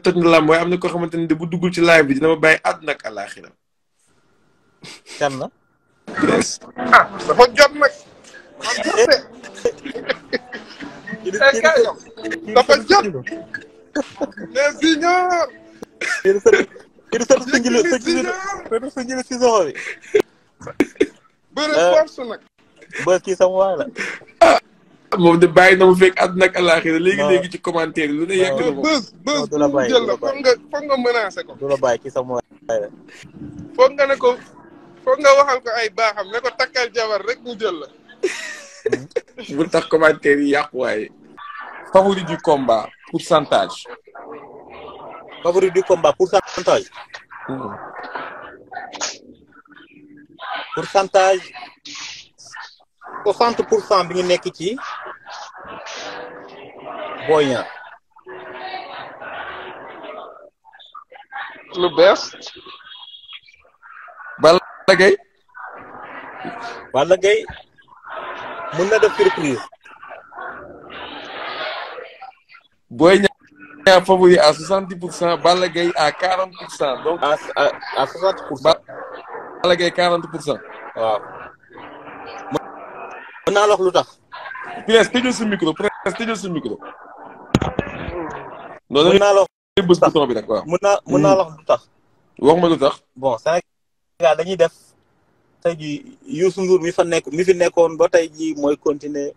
toj na làmb waaye am na koo xamante ne bu duggul ci live bi dina ma bàyyi àdduna ak àlaaxira kan la. si ñaar. kii sa sa njële sa njële sa si soxor yi. bëri force nag. la. moom de bàyyi na mu fekk àdduna ak àllaaxira léegi léegi ci commentaire lu ne yegg na moom. bës bës jël la foog nga foog ko. du la sa mu foog nga ne ko foog nga waxal ko ay baaxam ne ko takkal jabar rek mu jël la. bu tax commentaire yi yàqu waaye. favori du combat pourcentage. favori du combat pourcentage. Hmm. pourcentage. pour cent bi ñu nekk ci. Boy Niang lu bees Balla Gaye Balla Gaye mën na def surprise Boy Niang favori à soixante pour cent Balla Gaye à quarante pour cent donc à à soixante pour cent Balla quarante pour cent waaw mën naa la lu tax Prince tëjal sa micro Prince tëjal sa micro non mën naa la wax bouton bi nag waaw mën naa mën naa hmm. la lu tax. wax ma tax. bon Sénégal dañuy def tey jii Youssou Ndour mi fa nekk mi fi nekkoon ba tey jii mooy continuer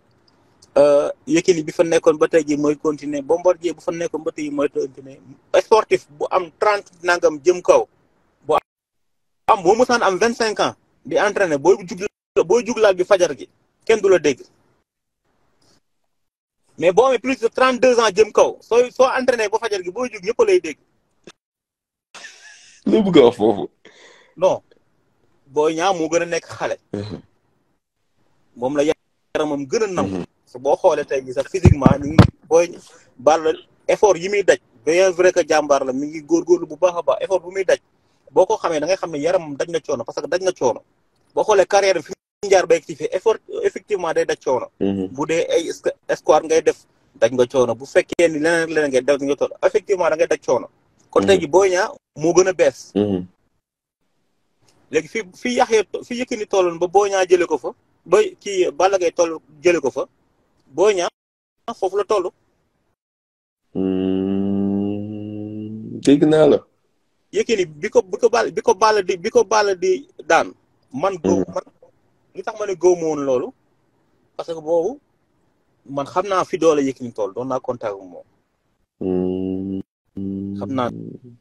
euh, Yékini bi fa nekkoon ba tey jii mooy continuer Bombardier bu fa nekkoon ba tey mooy continuer sportif bu am trente nangam jëm kaw. bu am boo mësaan am vingt cinq ans di entraîner boo jug boo juglaal bi fajar gi kenn du la dégg. mais boo amee plus de trent deux ans jëm kaw sooy soo entraîné ba fajar gi boo jug ñëpp lay dégg. lu bëgg a wax foofu. non Boy ñaam moo gën a nekk xale. Mhm. moom la yaramam gën a nangu. Mhm. parce que boo xoolee tey sax physiquement ñu ngi booy balla effort yi muy daj bien vrai que jàmbaar la mi ngi góorgóorlu bu baax a baax effort bu muy daj boo ko xamee da ngay xam ne yaramam daj na coono parce que daj na coono boo xoolee carrière fi njaar ba activé effort effectivement day daj coono mhm. bu dee ay espoir ngay def daj nga coono bu fekkee ni leneen leneen ngay def nga coono effectivement da daj coono kon mhm. tey ji Boy moo gën a bees mhm. léegi fi fi yaxee fi Yékini tolloon ba Boy Niang jële ko fa ba ki Balla Gaye tol jële ko fa Boy Niang foofu la toll mm, dégg naa la Yékini bi ko bi bi ko Balla di daan man góob li tax ma ne góob loolu parce que boobu man xam naa fi doole Yékini tool doon naa contact ak moom. Hmm. xam naa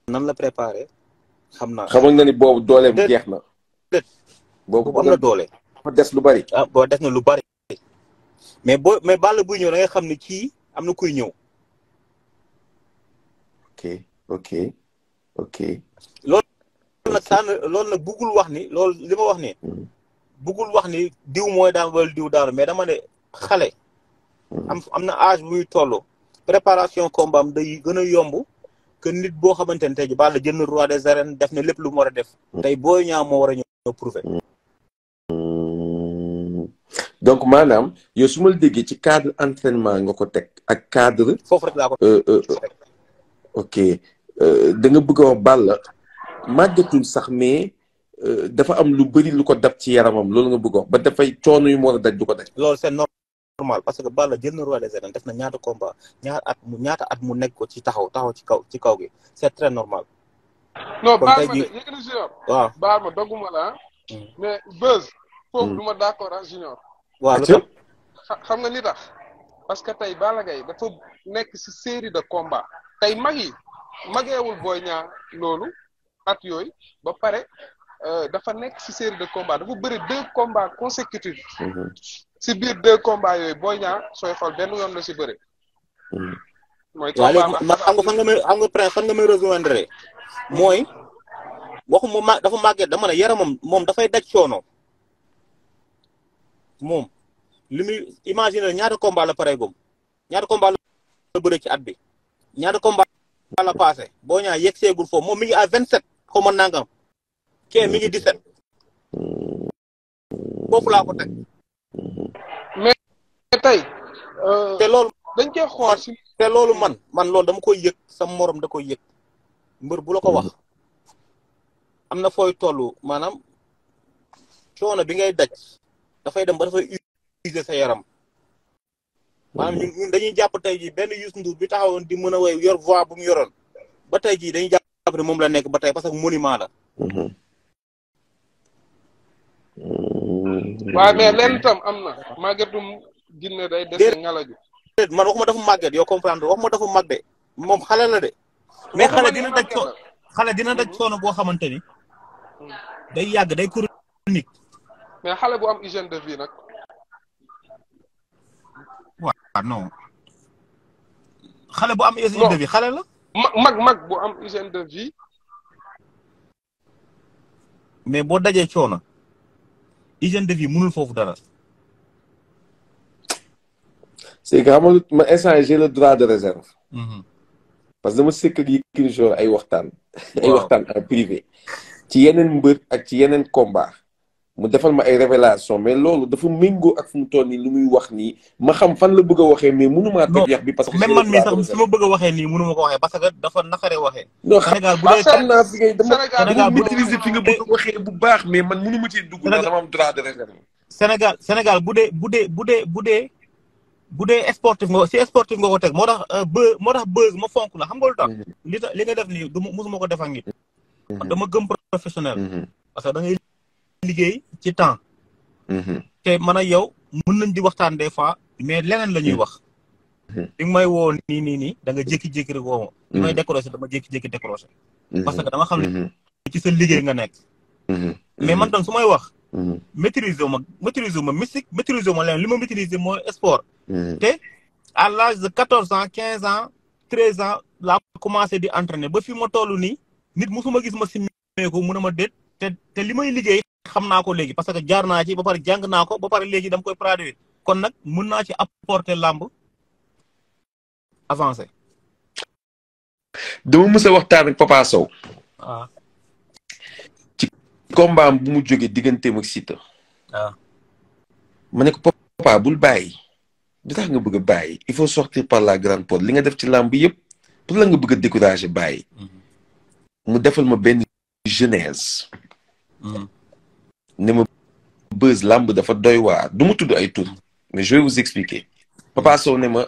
nan la préparé xam naa. xamoon na ni boobu doole bi jeex na. boobu am na doole. dafa lu bari. Ah, des na lu bari. mais boo mais Balla buy ñëw da ngay xam ne kii am na kuy ñëw. ok ok ok. loolu nag sànn loolu nag buggul wax ni lool li ma wax ni hmm. bëggul wax ni diw mooy daan wala diw daanu mais dama ne xale. am am na âge bu muy toll. préparation combat am day gën a yomb que nit boo xamante ne tey jii Balla jël na roi des arènes def na lépp lu mu war a def. tey Boy Niang moo war a ñëw prouver. donc maanaam yow su ma la déggee ci cadre entraînement nga ko teg ak cadre. foofu rek laa ko euh, euh, euh, ok da nga bëgg a wax sax mais Euh, dafa am lu bëri lu ko dab ci yaramam loolu nga bëgg ba dafay coono yu mu war a daj du ko daj. loolu c'est normal parce que la jël na roi des arènes def na ñaata combat at mu ñaata at mu nekk ko ci taxaw taxaw ci kaw ci kaw gi c'est très normal. non baal ma de yëkkati junior. waaw baal ma dogguma la ah. hmm. mais buzz. foofu hmm. du ma d'accord ak junior. waaw lu xam nga ni tax. parce que tey Balla Gaye dafa nekk si série de combat tey mag yi mageewul booy ñaar loolu at yooyu ba pare Euh, dafa nekk si série de combat dafa bëri deux combats consécutifs. si mhm. biir deux combats yooyu Boy Niang sooy xool benn yoon si bëri. Mhm. mooy combat ma xam nga fan nga may xam mooy waxuma dafa màggee dama ne yaramam moom dafay daj coono moom li muy imaginer ñaata combat la pareegum ñaata combat la ci at bi ñaata combat la passé Boy Niang yegg seegul foofu moom mi ngi à vingt sept xaw nangam. kee mi ngi di 17. foofu laa ko teg. mais tey. Euh, te loolu. dañ cee xool si te loolu man man loolu dama koy yëg sa moroom da koy yëg mbër bu la ko wax am na fooy toll maanaam coono bi ngay daj dafay dem ba dafay utiliser sa yaram maanaam ñun dañuy jàpp tey jii benn Youssou Ndour bi taxawoon di mën a woy yor voix bu mu yoroon ba tey jii dañu jàpp ne moom la nekk ba tey parce que monument la mm-hmm. waaw mais lenn tam am na màggetum jinne day dese ngalaju man waxuma dafa màgget yoo comprendre waxuma dafa mag de moom xale la de mais xale dina daj ko xale dina daj coono boo xamante ni mhm. day yàgg day chronique mais xale bu am hygiène de vie nag waaw non xale bu am hygiène de vie xale la mag mag bu am hygiène de vie mais boo dajee coono hygiène de vie mënul foofu dara. c'est que xam ma instant j'ai le droit de réserve. Mm-hmm. parce que dama sëkk ak Yékini Junior ay waxtaan. ay waxtaan en privé. ci yeneen mbër ak ci yeneen combat. mu defal ma ay révélation mais loolu dafa méngoo ak fu mu tool nii lu muy wax nii ma xam fan la bëgg waxee mais mënu maa teg yax bi parce que a waxee waxee parce que dafa naqaree waxee Sénégal bu dee bu baax mais ma cee dugg ndax dama am droit de réserve Sénégal bu dee bu dee bu dee bu dee bu dee sportif nga si sportif nga ko teg moo tax euh, bë moo tax bëz ma fonk la xam nga lu tax mm-hmm. li nga def nii du musuma ko def ak nit mm-hmm. dama gëm professionnel mm-hmm. parce que da liggéey ci temps mm-hmm. te man ak yow mën nañ di waxtaan des fois mais leneen la ñuy mm-hmm. wax mm-hmm. bi may woo nii nii nii da nga jékki rek woo ma may décroché dama jékki-jékki décroché parce que dama xam ne ci sa liggéey nga nekk mais man tam su may wax maîtriser wu ma maîtriser wu ma mystique maîtriser wu ma leneen li ma maîtriser mooy espor te à l'âge de quatorze ans quinze ans treize ans la commencé di entraîner ba fi ma toll nii nit musuma gis ma simmeeku mun a ma déet te li may liggéey xam naa ko léegi parce que jaar naa ci ba pare jàng naa ko ba pare léegi dama koy produire kon nag mën naa ci apporter làmb avancé. dama mës a waxtaan ak Papa Sow. waaw. Ah. ci combat bu mu jógee digganteem ak Siteu. waaw. Ah. ma ne ko Papa bul bàyyi. du tax nga bëgg bàyyi il faut sortir par la grande li nga def ci làmb yëpp pour la nga bëgg a décourager bàyyi. Mm-hmm. mu defal ma benn genèse. Mm-hmm. ne ma bës làmb dafa doy waa du ma tudd ay tur mais je vais vous ne ma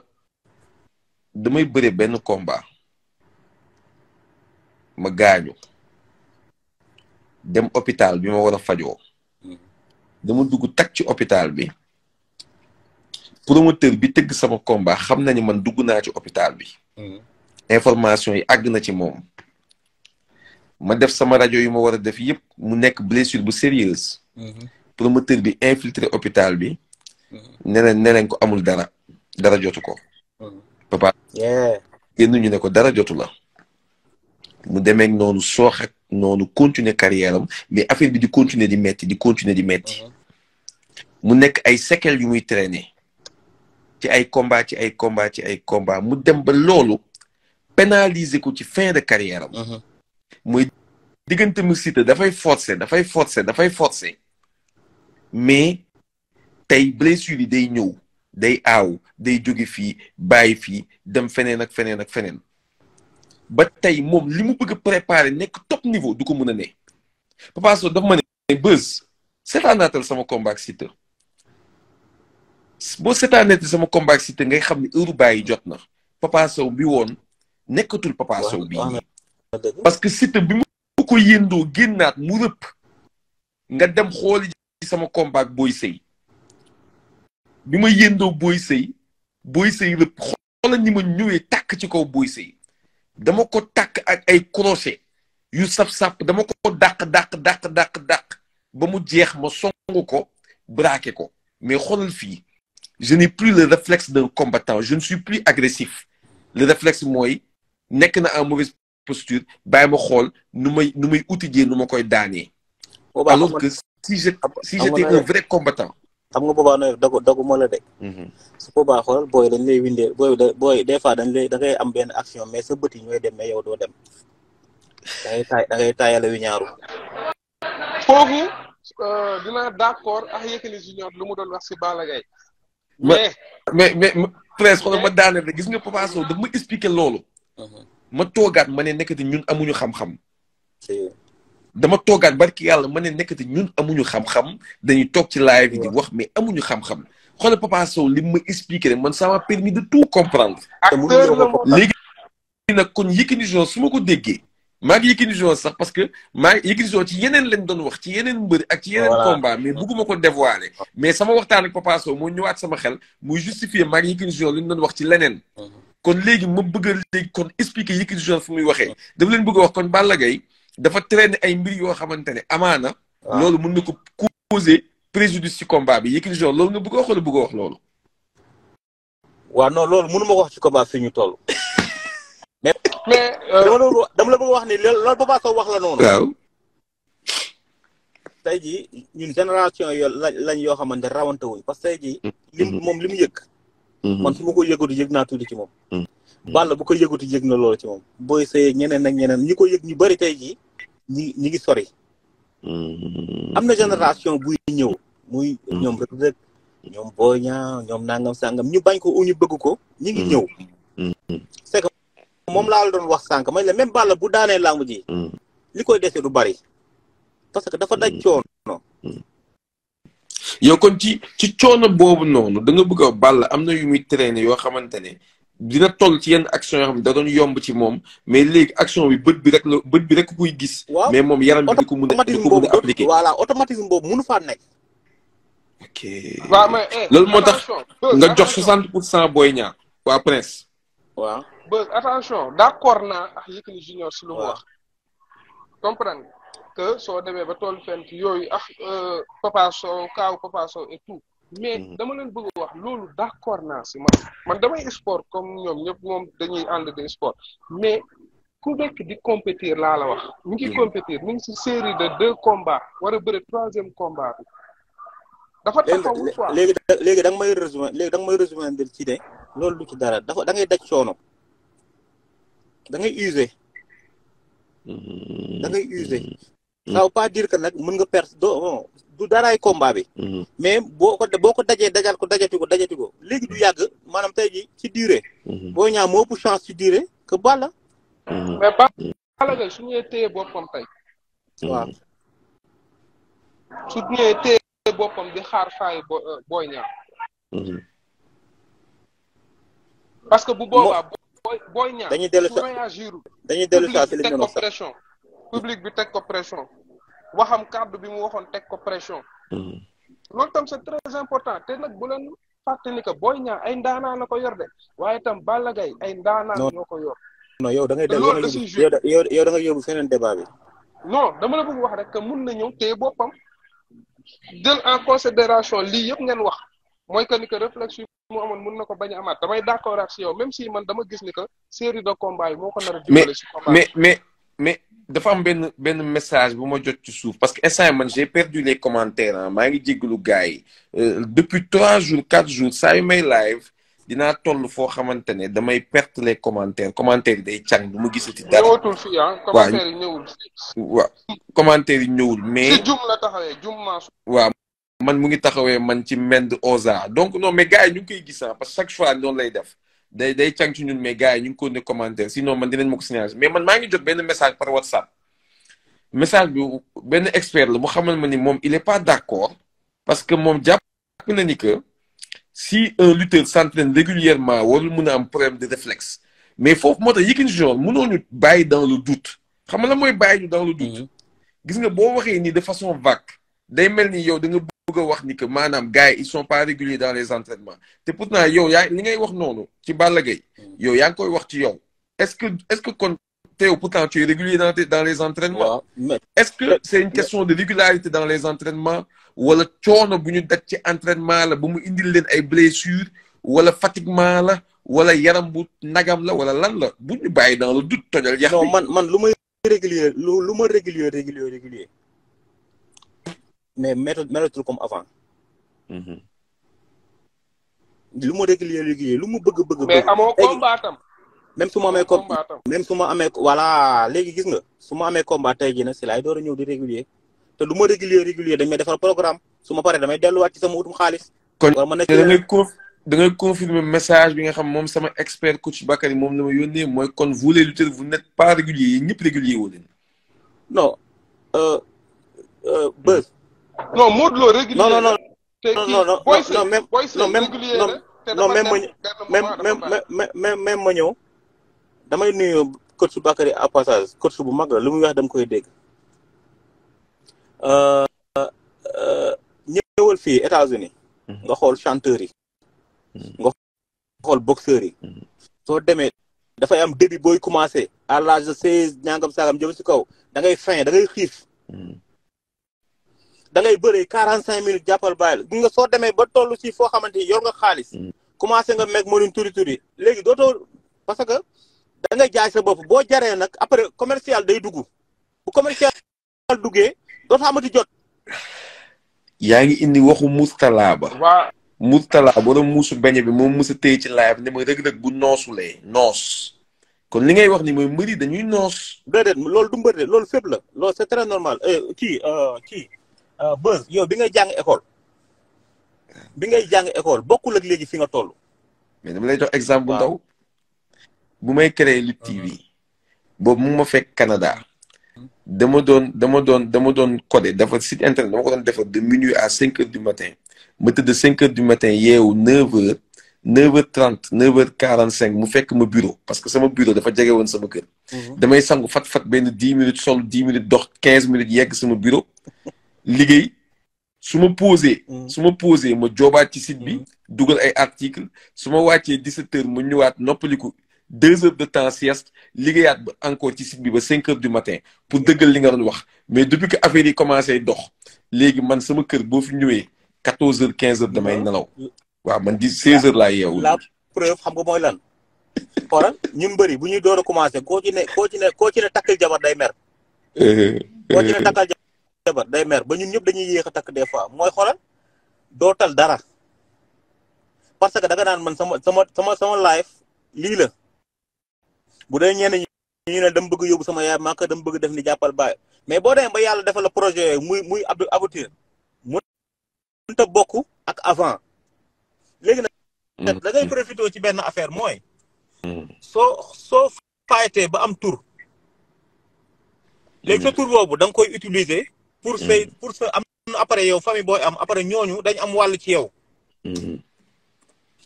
damay bëre benn combat ma gaañu dem hôpital bi ma war a fajoo dama dugg tag ci hôpital bi promoteur bi tëgg sama combat xam na ni man dugg naa ci hôpital bi mm-hmm. information yi àgg na ci moom ma def sama rajo yu ma war a def yëpp mu nekk blessure bu sérieuse mhm. promoteur bi infiltré hôpital bi mhm. ne leen ko amul dara dara jotu ko mhm. papa génn ñu ne ko dara jotu la mu demee noonu soox ak noonu continuer carrière mais affaire bi di continuer di metti di continuer di metti mu nekk ay séquelles yu muy traîner ci ay combat ci ay combat ay combat mu dem ba loolu pénaliser ko ci fin de carrière mooy diggante mu Siteu dafay forcer dafay forcer dafay forcer mais tey blessure yi day ñëw day aaw day jóge fii bàyyi fii dem feneen ak feneen ak feneen ba tey moom li mu bëgg a préparer nekk top niveau du ko mën a ne Papa Sow dafa ma ne buzz seetaanaatal sama combat ak Siteu boo seetaanaatal sama combat ak ngay xam ne heure bàyyi jot na Papa Sow bi woon nekkatul Papa Sow bii parce que Siteu bi mu ko yëndoo génnaat mu rëpp nga dem xooli sama combat booy Boy Sey bi ma yëndoo booy Sey booy sëy rëpp xoolal ni ma ñëwee tàkk ci kaw Boy Sey dama ko tàkk ak ay crochet yu sap-sap dama ko dàq dàq dàq dàq dàq ba mu jeex ma song ko braqué ko mais xoolal fii je n'ai plus le réflexe d'un combattant je ne suis plus agressif le réflexe mooy nekk na en mauvaise posture bàyyi ma xool nu may nu may nu ma koy daanee. alors que si je si j'étais un vrai combattant. xam nga boobaa nooy dagu dagu la de. Mhm. su boobaa xoolal booy dañ lay windee booy booy des fois dañ lay da am benn action mais sa bët yi ñooy dem mais yow doo dem. da ngay taay da ngay taayale wi ñaaru. foofu euh, dina d'accord ak lu mu doon wax si Balla Gaye. mais mais mais presque ma daane de gis nga Papa Sow daf ma expliquer loolu. Mhm. ma toogaat ma ne nekkati ñun amuñu xam-xam. dama toogaat barki yàlla ma ne nekkati ñun amuñu xam-xam dañuy toog ci live bi di wax mais amuñu xam-xam xoolal Papa Sow li ma expliqué rek man ça m'a permis de tout comprendre. léegi nag kon Yékini Junior su ma ko déggee. maa ngi Yékini Junior sax parce que maa ngi Yékini Junior ci yeneen lañ doon wax ci yeneen mbëri ak ci yeneen combat mais bugguma ko dévoiler mais sama waxtaan ak Papa Sow moo ñëwaat sama xel muy justifier ma ngi Yékini Junior li doon wax ci leneen mm-hmm. kon léegi moom bëgg a léegi kon expliquer Yékini Junior fu muy waxee dafa leen bëgg a wax kon Balla Gaye dafa traîner ay mbir yoo xamante ne amaana. Ah. loolu mun na ko causer préjudice ci combat bi Yékini Junior na nga bëgg a wax wala bëgg a wax loolu. waaw non loolu mënu ma ko wax ci combat fii ñu toll. mais euh, dama la dama la bëgg wax ni loolu Papa Sow wax la noonu. waaw. tey jii ñun génération yo lañ yoo xamante rawante wuñ parce que tey jii. Mm. moom li mu yëg. Mm-hmm. man su ma ko yëgatu yëg naa tuuti ci moom mm-hmm. Balla bu ko yëgatu yëg na loolu ci moom booy sëy ñeneen ak ñeneen ñi ko yëg ñu bëri tey jii ñi ñi ngi sori mm-hmm. am na génération buy ñëw muy ñoom rek rek ñoom booy ñoom nangam sàngam ñu bañ ko u ñu bëgg ko ñu ngi ñëw c'est moom laa la doon wax sànq may la même Balla bu daanee làmb ji li koy dese du bari parce que dafa daj coono yow kon ci ci coono boobu noonu da nga bëgg a Balla am na yu muy traîner yoo xamante ne dina toll ci yenn action yoo xam ne da doon yomb ci moom mais léegi action bi bët bi rek la bët bi rek koy gis. waaw mais moom yaram bi de ko mun a di ko mun a appliqué. voilà automatisme boobu faa nekk. ok waaw eh, loolu moo tax nga jox 60 pour cent booy ñaar waa Prince. waa attention d'accord naa ak ah, Yékini Junior si lu mu que soo demee ba tool fenn yooyu ak ah, euh, Papa Sow kaw Papa Sow et mais mhm. dama leen bëgg wax loolu d'accord naa si man man damay sport comme ñoom ñëpp moom dañuy ànd de sport mais ku nekk di compétir laa la wax. mu ngi mhm. compétir mu ngi si série de deux combats war a bëre troisième combat bi. dafa taxawul quoi léegi léegi may résumé léegi da nga may résumé del ci ne loolu du ci dara dafa dangay ngay daj coono dangay use usé. da ça veut pas dire que nag mën nga perte doo du daraay combat bi. Mhm. mais boo ko boo ko dajee dajal ko dajati ko dajati ko léegi du yàgg maanaam tey ji ci durée. Mhm. boo ñaa moo ëpp chance ci durée que Balla. Mhm. mais Balla Gaye su ñëwee téye boppam tey. su ñëwee téye boppam di xaar faayu bo euh, booy ñaa. parce que bu boobaa booy booy ñaa. dañuy dellu saa dañuy dellu saa si li bi teg ko pression. waxam kàddu bi mu waxoon teg ko pression. Hmm. loolu tam c'est très important te nag bu leen fàtte ni que Boy Niang ay ndaanaan la ko yor de waaye tam baala Gaye ay ndaanaan ñoo ko yor. non yow da ngay dégg yow da ngay yóbbu feneen débat bi. dama la bëgg wax rek que mun na ñëw téye boppam jël en considération lii yëpp ngeen wax mooy que ni que réflexion mu amoon mun na ko bañ a amaat damay d'accord ak si yow même si man dama gis ni que série de combat moo ko si a. mais mais mais. dafa am benn benn message bu ma jot ci suuf parce que instant man j'ai perdu les commentaires ah maa ngi jéggalu gars yi euh, depuis trois jours quatre jours saa yu may live dinaa toll foo xamante ne damay perte les commentaires commentaires yi day càng du ma gisati dara. ñëwatul fii ñëwul. waaw commentaires yi ñëwul mais. si jum la taxawee jum maa waaw man mu ngi taxawee man ci mend osa donc non mais gars yi ñu ngi koy gis parce que chaque fois noonu lay def. day day càng ci ñun mais gars yi ñu ngi ko ne commentaire sinon man dinañ ma ko signaler mais man maa ngi jot benn message par WhatsApp message bi benn expert la mu xamal ma ni moom il est pas d'accord parce que moom jàpp na ni que si un lutteur s'entraîne régulièrement warul mun a am problème de réflexe mais foofu moo yi Yékini Junior mu ñu bàyyi dans le doute xam nga la mooy bàyyi ñu dans le doute. Mm-hmm. gis nga boo waxee ni de façon vague day mel ni yow da nga. bëgg wax ni que maanaam gars yi ils sont pas réguliers dans les entraînements te pourtant yow yaa li ngay wax noonu ci Balla yow yaa ngi koy wax ci yow est-ce que est-ce que kon te pourtant tu es régulier dans dans les entraînements est-ce que c'est une question de régularité dans les entraînements wala coono bu ñu daj ci entrainement la ba mu indil leen ay blessures wala fatiguement la wala yaram bu nagam la wala lan la bu ñu bàyyi dans le doute tojal yax non man man lu may régulier lu lu ma régulier régulier régulier mais méthode méthode comme avant. Mhm. lu mu régulier liggéey lu mu bëgg bëgg. mais amoo combat tam. même amee combat même su ma amee voilà léegi gis nga su ma amee combat tey jii nag si laay door a ñëw di régulier te lu ma régulier régulier dañ may defar programme su ma paree damay delluwaat ci sama utum xaalis. kon da ngay conf da ngay message bi nga xam moom sama expert coach Bakary moom la ma yónnee mooy kon vous les lutteurs vous n'êtes pas régulier yéen ñëpp régulier woo leen. non. Beuz. Euh, non Modou Lo régulier non non non non non Boy Seye Boy Seye régulier la te dafa dem même même même ma ñëw damay nuyu coach su Bakary à passage coach su bu mag la lu muy wax dama koy dégg. Euh, euh, ñëwal fii États-Unis mhm. nga xool chanteurs yi. Mhm. nga xool boxeurs yi. Mhm. soo demee dafay am début booy commencé à l'âge de seize ñaangam saagam jëm si kaw da ngay fin da ngay xiif. da ngay bëree quarante cinq minutes jàppal bàyyi la nga soo demee ba tollu si foo xamante ni yor nga xaalis. Mm. commencé nga moo mënuñ turi turi léegi dootoo parce que da ngay jaay sa bopp boo jaree nag après commercial day dugg bu commercial duggee dootoo amati jot. yaa ngi indi waxu Moustala ba. waaw Moustala borom muusu beñe bi moom mës a téye ci live ne ma rëg-rëg bu noosulee noos. kon li ngay wax ni mooy mbëri dañuy noos. déedéet loolu du mbëri loolu fépp la loolu c'est très normal eh, kii euh, kii. Euh, buzz yow bi ngay jàng école bi ngay jàng école bokkul ak léegi fi nga toll. mais dama lay jox exemple bu bu may créer Lutte uh-huh. TV. boobu mu ma fekk Canada. dama doon dama doon dama doon codé dafa site internet dama ko doon defar de à cinq heures du matin ma tëdd cinq heures du matin yeewu neuf heures neuf heures trente neuf cinq mu fekk ma bureau parce que sama bureau dafa jege woon sama kër. Uh-huh. damay sangu fat fat benn dix minutes sol dix minutes dox quinze minutes yegg sama bureau. liggéey su ma posé. Mm. su ma posé ma joobaat ci sit bi. Mm. dugal ay article su ma wàccee 17 heures mu ñëwaat noppaliku deux heures de temps sieste liggéeyaat ba encore ci site bi ba cinq heures du matin pour dëggal li nga doon wax mais depuis que affaire yi commencé dox léegi man sama kër boo fi ñëwee quatorze heures quinze heures damay mm-hmm. nelaw. Mm. waaw man di seize heures laa yeewu. laa preuve xam nga mooy lan. xoolal ñun bëri bu ñuy door a commencé koo ci ne koo ci koo ci ne takkal day mer. Eh, eh, jabar day mer ba ñun ñëpp dañuy yéex a takk des fois mooy xoolal doo dara parce que da nga naan man sama sama sama sama life lii la bu dee ñenn ñu ne dama bëgg yóbbu sama yaay maa ko dama bëgg def ni jàppal baay mais boo demee ba yàlla defal projet yooyu muy muy aboutir mënut te bokk ak avant léegi nag mm-hmm. da ngay profité ci benn affaire mooy mm-hmm. soo soo faytee ba am tour léegi sa mm-hmm. tur boobu da koy utiliser pour mm. say pour sa am na après yow famille booy am après ñooñu dañ am wàll ci yow. Mm-hmm.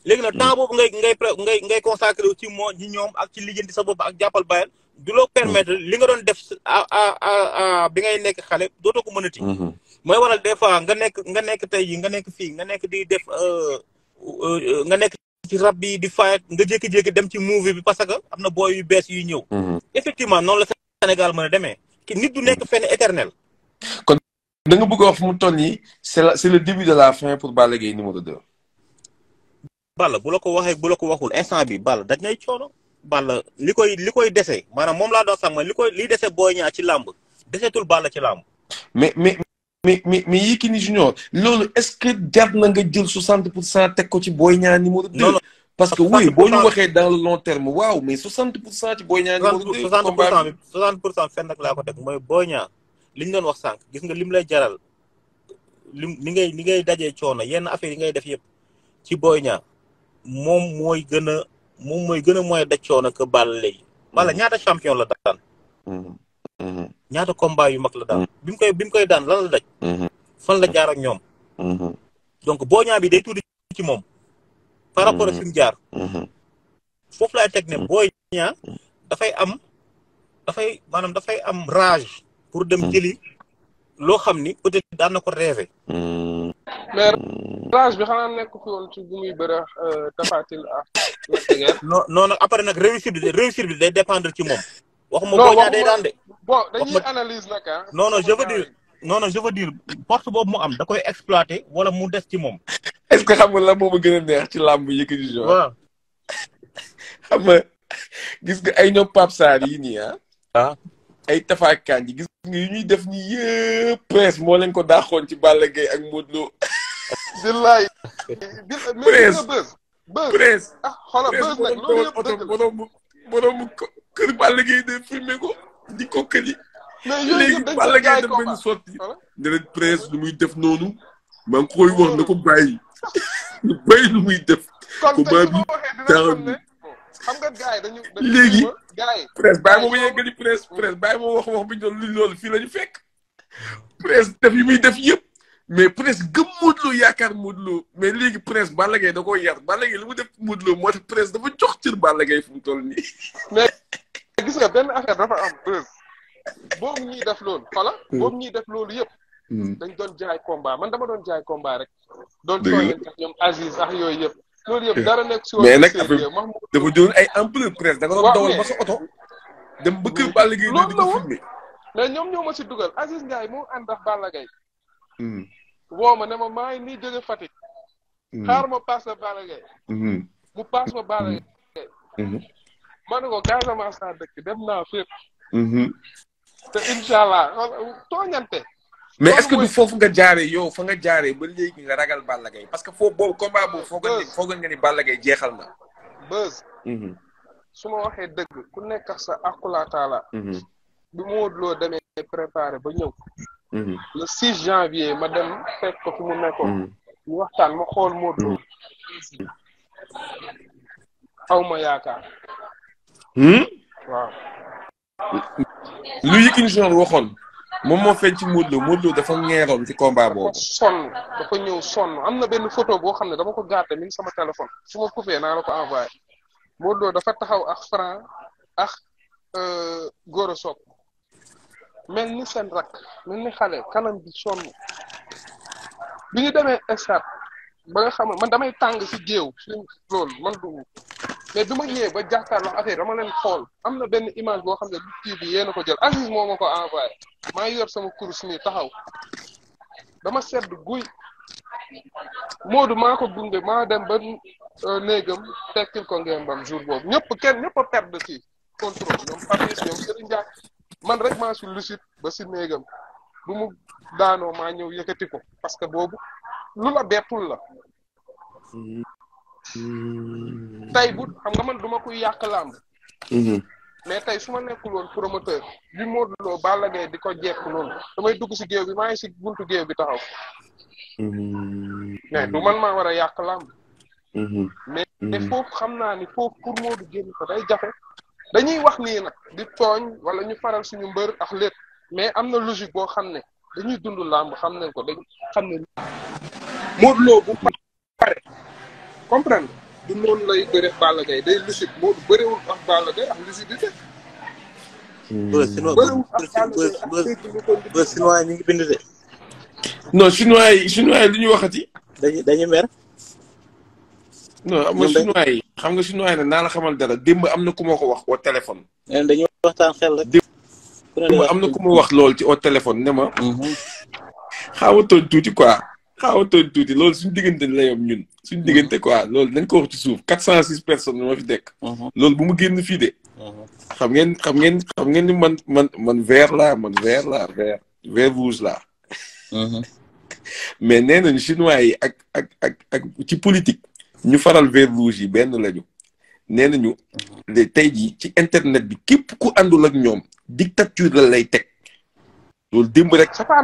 léegi nag mm. temps boobu ngay ngay ngay ngay consacré ci moo ci ñoom ak ci lijjanti sa bopp ak jàppal bàyyal du loo permettre mm. li nga doon def bi ngay nekk xale dootoo ko mënati. Mm-hmm. mooy waral des fois nga nekk nga nekk tey jii nga nekk fii nga nekk di def euh, euh, nga nekk ci rab bi di fayet nga jékki-jékki dem ci movie bi parce que am na booy yu bees yu ñëw. Mm-hmm. effectivement noonu la Sénégal mën a demee. ki nit du nekk fenn éternel. kon da nga bëgg wax fu mu toll nii c'est la c'est le début de la fin pour Balla Gaye numéro 2. Balla bu la ko waxee bu la ko waxul instant bi Balla daj nay coono Balla li koy li koy dese maanaam moom laa doon sax mooy li koy li dese Boy Niang ci làmb desetul Balla ci làmb. mais mais mais mais mais Yékini Junior loolu est-ce que jar na nga jël 60 pour cent teg ko ci Boy Niang numéro 2. non non parce que oui boo ñu waxee dans le long terme waaw mais 60 pour cent ci Boy Niang numéro 2. 60 pour cent bi li doon wax sànq gis nga lim lay jaral lim li ngay li ngay dajee coono yenn affaire yi ngay def yëpp ci booy Niang moom mooy gën a moom mooy gën a mooy daj coono que Balla léegi. Balla mm-hmm. ñaata champion la daan. Mm-hmm. Mm-hmm. ñaata combat yu mag la daan. bi mu koy bi koy daan lan la daj. fan la jaar ak ñoom. donc Boy Niang bi day tuuti ci moom. par rapport ak fi mu jaar. foofu laay teg ne Boy Niang dafay am dafay maanaam dafay am rage. pour dem hmm. jëli loo xam ni peut daan na ko rêvé. Hmm. mais rage hmm. bi xanaa nekk fi woon ci bu muy bëre euh, tafatil nag réussite bi réussite bi day dépendre ci moom. waxuma boo ñaa day daan de. bon dañuy analyse nag ah. je veux dire non non je veux dire force boobu mu am da koy exploité wala mu des ci moom. est ce que xam nga la moom a gën a neex ci làmb Yékini Junior. waaw xam nga gis nga ay ñoom Pape Sarr yi nii ah. ah. ay tafaakaan yi gis ñuy def nii yëpp presse moo leen ko daaxoon ci Balla ak Modou Lo. billaay. presse presse ah xoolal kër Balla Gaye de filmé ko di ko kër yi. mais yooyu yëpp dañ sotti. dana presse lu muy def noonu. maa ngi koy wax na ko bàyyi. lu bàyyi lu muy def. kon tey su xam nga gars yi dañu. dañu léegi gars yi. presse bàyyi ma yeggali presse presse bàyyi ma wax wax bi loolu fii la ñu fekk. presse def yi muy def yëpp mais presse gëm Modou yaakaar Modou Lo mais léegi presse Balla Gaye da koo yar Balla Gaye la mu def Modou Lo moo tax presse dafa jox cër Balla Gaye fu mu toll nii. mais gis nga benn affaire dafa am buzz boobu ñuy def loolu xala hmm. boobu ñuy def loolu yëpp. Hmm. dañ doon jaay combat man dama doon jaay combat rek. doon sooy ñoom Aziz ak loolu yëpp dara nekk si mais nag affaire dafa jëloon ay emploi presse da nga doon dawal oto. dem ba kër Balla Gaye di ñoom ñoo ma si dugal Aziz Ndiaye moo ànd ak Balla hmm. ma ne ma maa ngi nii jóge Fatick. Hmm. xaar ma hmm. mu paas ma Balla Gaye. ma ne ko Casamance laa dëkk dem naa fépp. te incha allah tooñante. mais est-ce que du foofu nga jaaree yow fa nga jaaree ba léegi nga ragal Balla Gaye parce que foofu boobu combat boobu foogoon foogoon nga ni Balla jeexal na. Beuz. Mhm. su ma waxee dëgg ku nekk sa akulaataala. Mhm. bi Modou Lo demee préparé ba ñëw. Mhm. le 6 janvier ma dem fekk ko fi mu nekkoon. ñu waxtaan ma xool Modou Lo. xaw ma yaakaar. Hmm? waaw. lu Yékini Junior waxoon. moom moo feeñ ci Modou Lo dafa ngeeroon ci combat boobu. dafa sonn dafa ñëw sonn am na benn photo boo xam ne dama ko gardé mi ngi sama téléphone su ma coupé naa la ko envoyé Modou dafa taxaw ak Franc ak euh, Goro Sock mel ni seen rakk mel ni xale kanam bi sonn bi ñu demee stade ba nga xam ne man damay tàng si géew si loolu man du mais bi ma ñëwee ba jàkkaarloo affaire dama leen xool am na benn image boo xam ne kii bi yéen ko jël Aziz moo a ko envoyé maa ngi yor sama kurus nii taxaw dama sedd guy Moodu maa ko gunge maa dem ba euh, néegam tekkil ko ngembam jour boobu ñëpp kenn ñëpp a perdre fii man rek maa si ba si néegam bu daanoo maa ñëw yëkkati ko parce que boobu lu la bettul la. Hmm. tey bu xam nga man duma kuy yàq làmb hmm. mais tey su ma nekkul woon promoteur bi Modou Lo Balla di ko jekk noonu damay dugg si géew bi maa ngi si buntu géew bi taxaw hmm. mais du man maa war a yàq làmb mais foofu xam naa ni foofu pour Modou génn ko day jafe dañuy wax nii nag di tooñ wala ñu faral suñu mbër ak lépp mais am na logique boo xam ne dañuy dund làmb xam nañ ko dañ xam ne Modou bu pare comprendre du noonu lay bëre Balla Gaye day lucide moo bëriwul ak Balla Gaye ak lucidité. bëriwul ak Balla Gaye ak dégg chinois yi ñu ngi bind de. non chinois yi chinois yi lu ñu waxati. dañuy dañuy mer. non am nga chinois yi xam nga chinois yi nag naa la xamal dara démb am na ku ma ko wax au téléphone. dañuy waxtaan xel rek. démb am na ku ma wax lool ci au téléphone ne ma. Mhm. xaw ma toon tuuti quoi. xaawa toon tuuti loolu suñu diggante la yom ñun suñu diggante mhm. quoi lool dañ ko wax ci suuf quatre cent six personnes ma fi dekk mhm. loolu bu mu génn fii de mhm. xam ngeen xam ngeen xam ngeen ni man man man vert laa man vert la vert vert rouge laa mais nee nañ chinois yi ak ak ak ak ci politique ñu faral vert rouge yi benn lañu nee nañu tey jii ci internet bi képp ku àndul ak ñoom dictature la lay teg loolu dimb rek c'est pas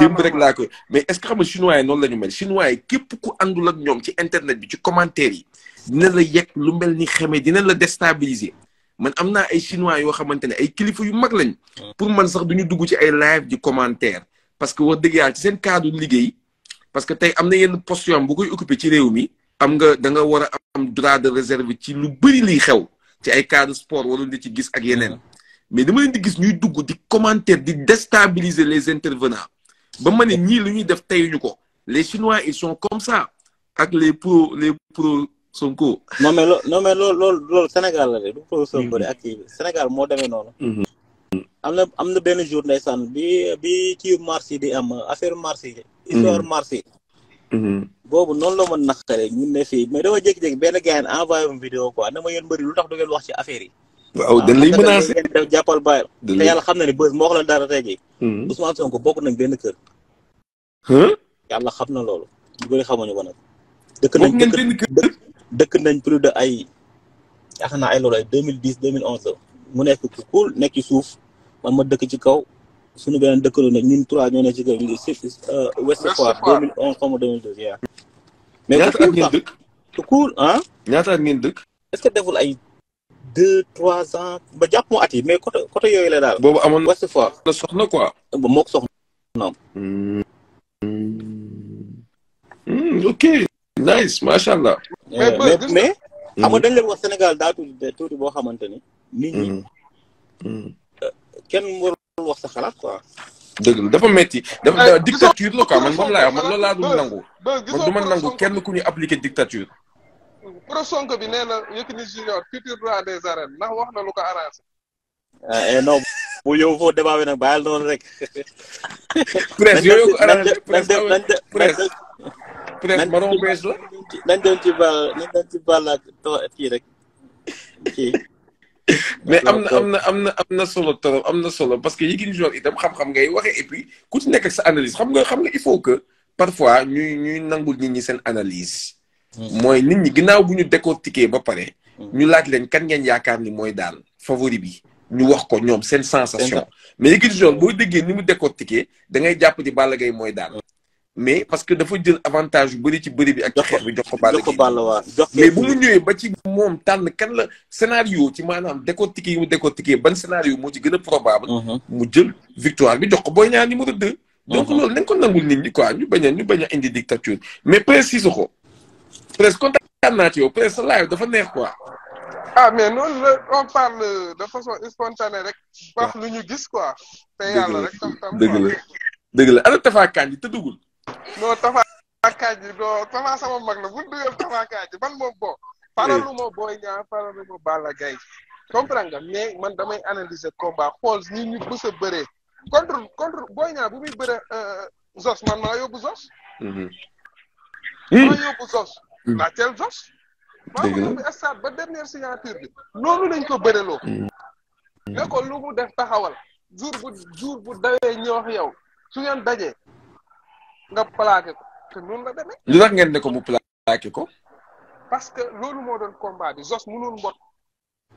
démb rek laa koy mais est-ce que xam nga chinois yi noonu la mel chinois yi képp ku àndul ak ñoom ci internet bi ci commentaire yi dina la yegg lu mel ni xeme dina la déstabiliser man am naa ay chinois yoo xamante ne ay kilifa yu mag lañ. Mm. pour man sax du duñu dugg ci ay live di commentaire parce que wax dëgg yàlla ci seen cadre liggéey parce que tey am na yenn poste bu koy occupé ci réew mi am nga danga nga war a am droit de réserve ci lu bëri liy xew ci ay cadre sport warul di ci gis ak yeneen mm. mais dama leen di gis ñuy dugg di commentaire di déstabiliser les intervenants ba ma ne ñii lu ñuy def teyuñu ko les chinois ils son comme ça ak les pro les pro Sonko. non mais loo non mais loolu loolu loolu Sénégal la de du pro Sonko de mhm. ak kii Sénégal moo demee noonu. Mhm. am na am na benn jour ndeysaan bi bi ci mars yi di am affaire mars yi. histoire mhm. mars yi. boobu noonu la ma naqaree ñun ne fii mais dama jékki-jékki benn gars envoyé ma vidéo quoi na ma yéen lu tax du ngeen wax ci affaire yi. waaw dañ lay menacé def jàppal bàyyil te yàlla xam na ne bës moo wax la dara tey jii hmm. Ousmane Sonko bokk nañ benn kër yàlla xam na loolu ñu bëri xamuñu ko nag dëkk nañ dëkk plus de ay yaakaar na ay loolu ay deux mille dix deux mille onze mu nekk ku cool nekk ci suuf man ma dëkk ci kaw suñu beneen dëkkaloo nañ ñun trois ñoo ne ci kër euh, Ouest Foire deux mille onze xaw ma deux mille douze mais ah? ñaata at ngeen dëkk est que deful ay deux trois ans ba jàpp mu at yi mais côté côté yooyu la daal. boobu amoon na fois na soxna quoi. ba moog soxnaam. Hmm. Hmm, ok nice macha allah. Eh, mais mais. Hmm. xam nga dañ leen wax Sénégal daal tuuti boo xamante ni. nit ñi. kenn wax sa xalaat quoi. dëgg dafa metti dafa eh, dictature la quoi man moom laa man loolu laa dul nangu man du ma nangu kenn ku ñu appliqué dictature. pro Sonko bi nee na Yékini Junior futur roi des arènes ndax wax na lu ko arrangé. ah eh, non bu yow foo débat bi nag bàyyil noonu rek. presse yooyu ko arrangé presse presse presse la. nañ dem ci baal nañ dem ci baal ak kii rek kii. mais am na am na am na am na solo trop am na solo parce que Yékini Junior itam xam-xam ngay waxee et puis ku ci nekk ak sa analyse xam nga xam nga il faut que parfois ñuy ñuy nangul nit ñi seen analyse. mooy nit ñi ginnaaw bu ñu décortiquer ba pare. Mm. ñu laaj leen kan ngeen yaakaar ni mooy daal favori bi. ñu wax ko ñoom seen sensation. mais Yékini Junior boo déggee ni mu décortiquer da jàpp ni Balla Gaye mooy daal. mais parce que dafa jël avantage yu bëri ci bëri bi ak. ci bi jox ko Balla Gaye mais bu mu ñëwee ba ci moom tànn kan la scénario ci maanaam décortiquer yi mu décortiquer ban scénario moo ci gën a probable. Mm-hmm. mu jël victoire bi jox ko Boy Niang numéro 2. donc mm-hmm. loolu nañ ko nangul nit ñi quoi ñu bañ a ñu bañ a indi dictature mais précise ko. presque kontaan naa ci yow dafa neex quoi. ah mais noonu la on parle de façon spontanée rek. wax ñu gis quoi. te yàlla rek la dëgg la ana Tafa Kandji te duggul. non Tafa Kandji non la bu ñu dugal Tafa Kandji man moom bon. faralu ma Boy Niang faralu ma Balla Gaye comprendre nga mais man damay analyser combat xool ñi ñu a bëree contre contre euh, Zos man maa yóbbu Zos. Mhm. maa hmm. yóbbu Zos. la teel jos dëgg la waaw stade ba dernière signature bi noonu lañ ko bëreloo. Mm. ne lu mu def taxawal jour bu jour bu dawee ñëw ak yow su ngeen dajee nga plaqué ko te noonu la demee. lu tax ngeen ne ko mu plaqué ko. parce que loolu moo doon combat bi jos mënul mbot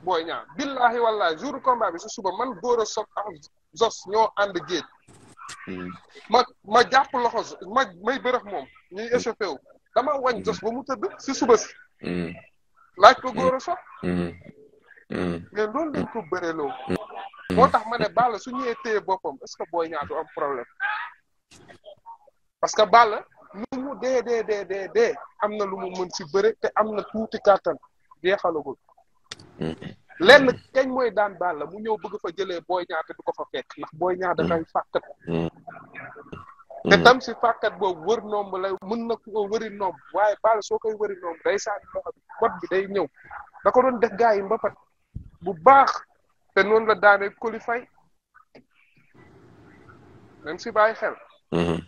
booy ñaar billahi wallahi jour combat bi su suba man góor a soog ak jos ñoo ànd géej. Mm. ma ma jàpp loxo ma may bërëx moom ñuy échauffé wu. dama wañ jos mm. ba mu tëdd si suba si mm. laaj ko góor a mm. sot mais loolu lañ ko bëreloo moo tax ma ne Balla su ñëwee téye boppam est que booy ñaatu am problème parce que Balla lu mu dee dee dee dee am na lu mu mën si bëre te am na tuuti kàttan jeexalagul lenn kañ mooy daan Balla mu ñëw bëgg fa jëlee booy ñaata du ko fa fekk ndax booy ñaata dafay fàkkat te mm. tam si fàkkat boobu wër nomb lay mën na ko wëri nomb waaye bal soo koy wëri nomb day sànni loxo bi ñëw da ko doon def gaa yi bu baax te noonu la daane qualifié même si bàyyi xel mm-hmm.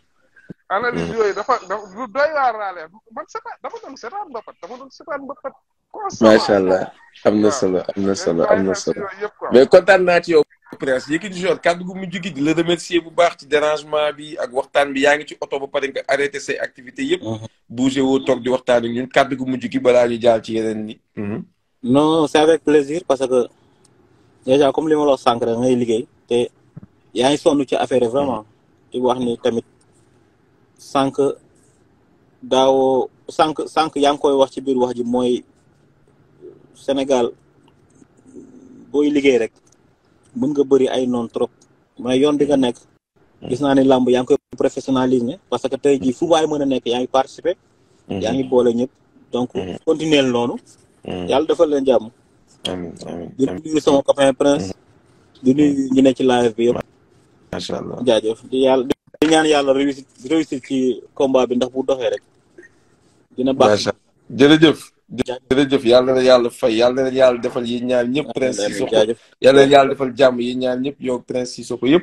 analyse mm. yooyu dafa lu doy waar raale man dafa doon setaan mbapat dafa doon setaan mbapat macha allah am na solo am na solo am na solo mais kontaan naa ci yow presse Yékini Junior kàddu gu mujj gi di la bu baax ci dérangement bi ak waxtaan bi yaa ngi ci oto ba pare nga arrêté say activités yëpp. Mhm. bougé woo toog di waxtaan ak ñun kàddu gu mujj gi balaa ñu jaal ci yeneen ni mhm. no c'est avec plaisir parce que déjà comme li ma la nga sànq liggéey te yaa ngi sonn ci affaire vraiment mhm. di wax ni tamit sànq daawoo sànq yaa ngi koy wax ci biir wax ji mooy Sénégal booy liggéey rek. mën nga bëri ay noon trop mais yoon bi nga nekk gis naa ni làmb yaa ngi koy professionnaliser parce que tey jii fu waay mën a nekk yaa ngi participer mhm. yaa ngi boole ñëpp donc mhm. continuer noonu mhm. yàlla defal leen jàmm amiin amiin di nuyu sama copain ñu ne ci live bi yëpp macha allah jaajëf di yàlla di ñaan yàlla réussite réussite ci combat bi ndax bu doxee rek dina baax jërëjëf jërëjëf yàlla na yàlla fay yàlla na yàlla defal yi ñaar ñëpp prince Sissoko yàlla na yàlla defal jàmm yi ñaar ñëpp yow prince Sissoko yëpp